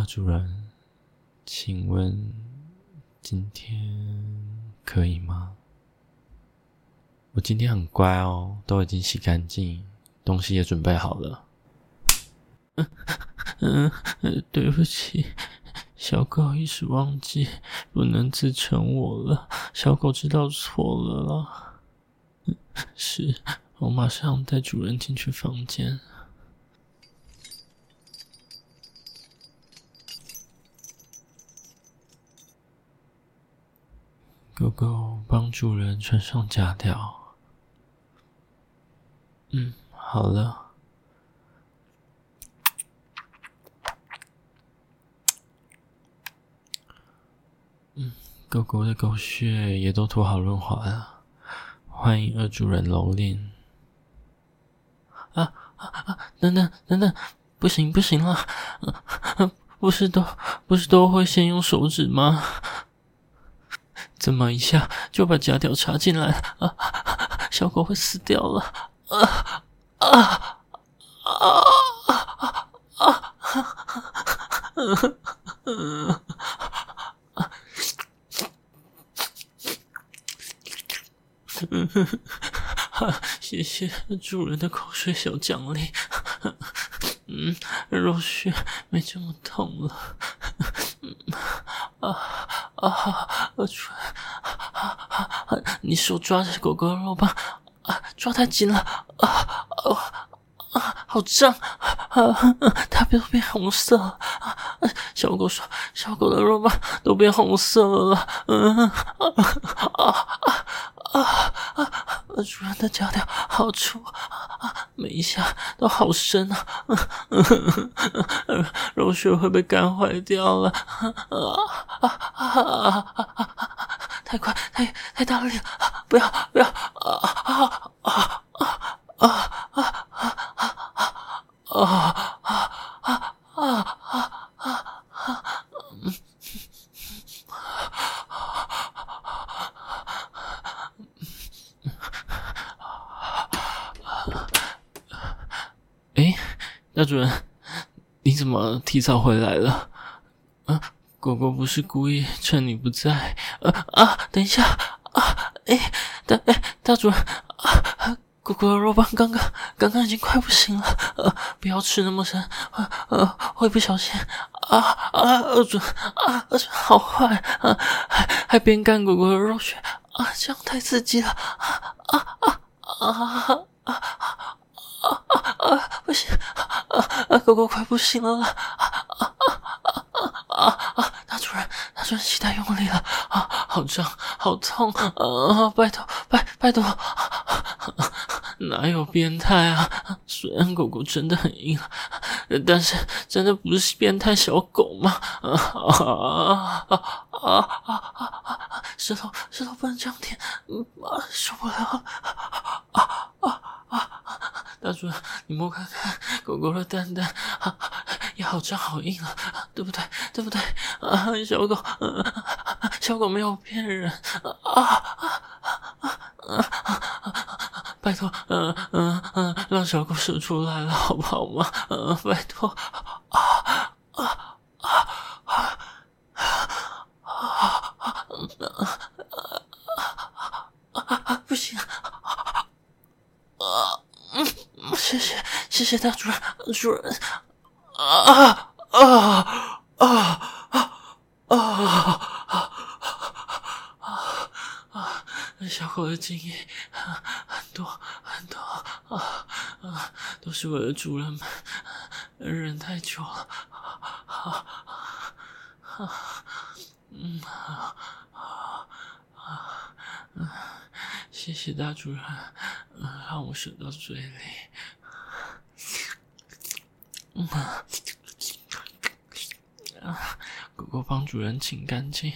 啊，主人，請問今天可以嗎？我今天很乖哦，都已經洗乾淨，東西也準備好了。嗯、呃呃呃，對不起，小狗一時忘記不能自稱我了。小狗知道錯了啦、呃。是，我馬上帶主人進去房間。狗狗幫主人穿上假條。嗯，好了。嗯，狗狗的狗穴也都塗好潤滑了，歡迎二主人蹂躪、啊。啊啊啊！等等等等，不行不行了，啊啊、不是都不是都會先用手指嗎？怎麼一下就把假屌插進來、啊、小狗會死掉了！啊啊啊啊啊啊！謝謝主人的口水小獎勵。嗯，肉穴沒這麼痛了。啊！啊！ 我抓……啊啊啊！你手抓着狗狗的肉棒，啊，抓太緊了！啊啊啊！好脹！啊啊啊！它都變紅色了！小狗說：“小狗的肉棒都變紅色了。”嗯啊啊啊啊啊，啊！主人的腳底好粗，每一下都好深啊！肉血會被幹壞掉了啊！啊啊啊啊啊！太快，太太大力了！不要不要！啊啊啊啊啊啊啊啊啊啊啊！大主任，你怎麼提早回來了？啊、呃，果果不是故意趁你不在。呃啊，等一下。啊，誒，大誒，大主任。啊，果果的肉棒剛剛剛剛已經快不行了。呃，不要吃那麼深。啊、呃會不小心。啊啊，二主任啊二主任，好壞。啊，還還邊幹果果的肉血。啊，這樣太刺激了。啊啊啊啊啊啊啊啊，啊！不行。啊啊！狗狗快不行了啦！啊啊啊啊啊啊！大主人，大主人，膝蓋用力了，啊好脹，好痛！啊，拜託，拜，拜託！哪有變態啊？雖然狗狗真的很硬，但是真的不是變態小狗嗎？啊啊啊啊啊啊！舌頭，舌頭，不能這樣舔，嗯，啊，受不了！啊啊啊！大主人。你摸看看，狗狗的蛋蛋、啊、也好長好硬啊，對不對？對不對？啊，小狗，啊、小狗沒有騙人啊啊，啊，啊，啊，啊！拜托，嗯嗯嗯，讓小狗射出來了好不好嘛？嗯、啊，拜托啊！謝謝，謝謝大主人，主人，啊啊啊啊啊啊啊啊！小狗的精力很多很多，都是為了主人們，忍太久了，嗯啊啊啊！謝謝大主人，讓我射到嘴裡。 狗狗幫主人清乾淨。